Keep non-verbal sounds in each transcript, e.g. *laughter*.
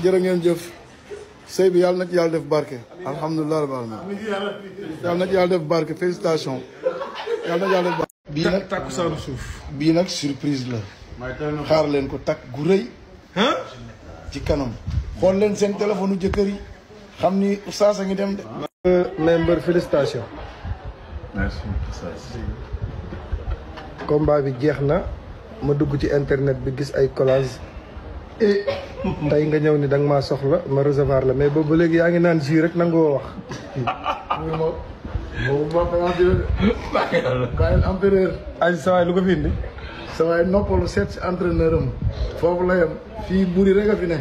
jërë ngeen jëf sëy bi yàlla na ci yàlla def barke alhamdulilah rabbil alamin yàlla na ci yàlla def barke félicitation yàlla na ci yàlla def bii nag takkusaanu suuf bii nag surprise la xaar leen ko takk gu rëy ci kanam xool leen seen téléphone u jëkkër yi xam ni oustaz a ngi dem de membre félicitation merci combat bi jeex na ma dugg ci internet bi gis ay collage tay nga ñew ni da nga soxla ma recevoir la mais boobu léegi ya nga nan jus rek nangoo wax. boobu ma ba empereur. ay sa lu ko sa si la buri rek fi ne.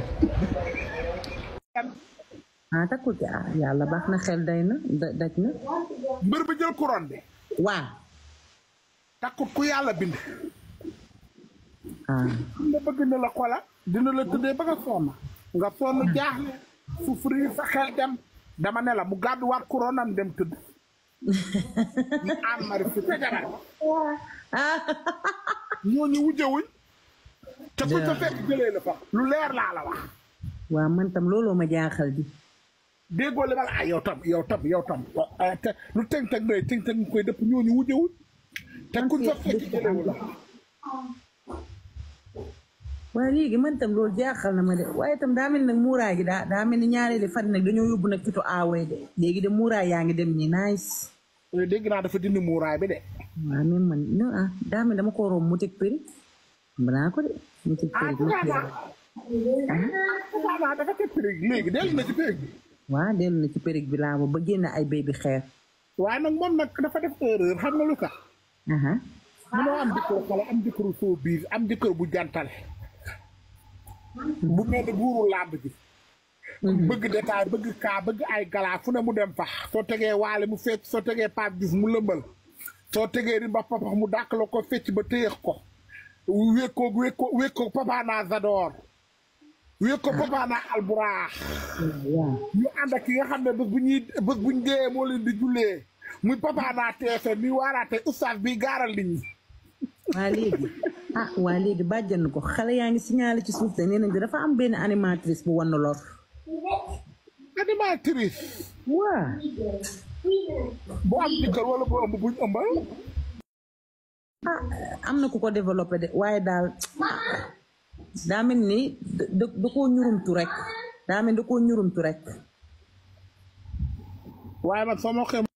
ah takku ci ah yàlla baax na xel day na daj na. mbër ba jël couronne ku bind. ah. nga bëgg na la dina la tëddee ba nga sonn nga sonn jaaxle su fri sa xel dem dama ne la mu gàdduwaat kuroonam dem tëdd *laughs* *laughs* ñu am mari fi sa jabar ñooñu wujjewuñ te ku sa fekk jëlee la fa lu leer laa la wax waaw man tam looloo ma jaaxal di déggoo li ma la ah, yow tam yow tam yow tam eh, lu tëng tëng doy tëng tëng koy dëpp ñooñu wujjewuñ te ku sa fekk jëlewu la waaye léegi man tam loolu jaaxal na ma de waaye tam daa mel nag muuraay gi daa daa mel ni ñaareeli fan nag dañoo yóbbu nag kitu aawee de léegi de muuraay yaa ngi dem ñi nice. Eh, dégg naa dafa dindi muuraay bi de. waaw même ah, daa mel dama mu teg prix balaa ko de ah, na ci prix bi. waaw laa ba génn ay béy bi xeer. waa nag moom nag dafa def erreur xam nga lu tax. mënoo am jëkkër xale am jëkkër soo biir am jëkkër bu jantale. bu mel buuru làmb ji mhm. bëgg détail bëgg kaa bëgg ay galaa fu ne mu dem fa soo tegee waale mu fecc soo tegee Pape Diouf mu lëmbal soo tegee rimba papax mu dàq la ko fecc ba téyex ko wékkoog wékko wékkoog papaanaa Zador wékkoog papaanaa Alburaax ñu ànd ak ki nga xam ne bés bu ñuy bés bu ñu dee moo leen di jullee muy papaanaa TFM mi waaraate oustaz bi gaaral nit ah waa léegi bàjjan ko xale yaa ngi signalé ci suuf de nee nañ dafa am benn animatrice bu wan lor. animatrice. waaw. bu ah, am na ku ko développé de waaye daal daa mel ni da da koo rek daa mel da koo ñurumtu rek. waaye nag sama xel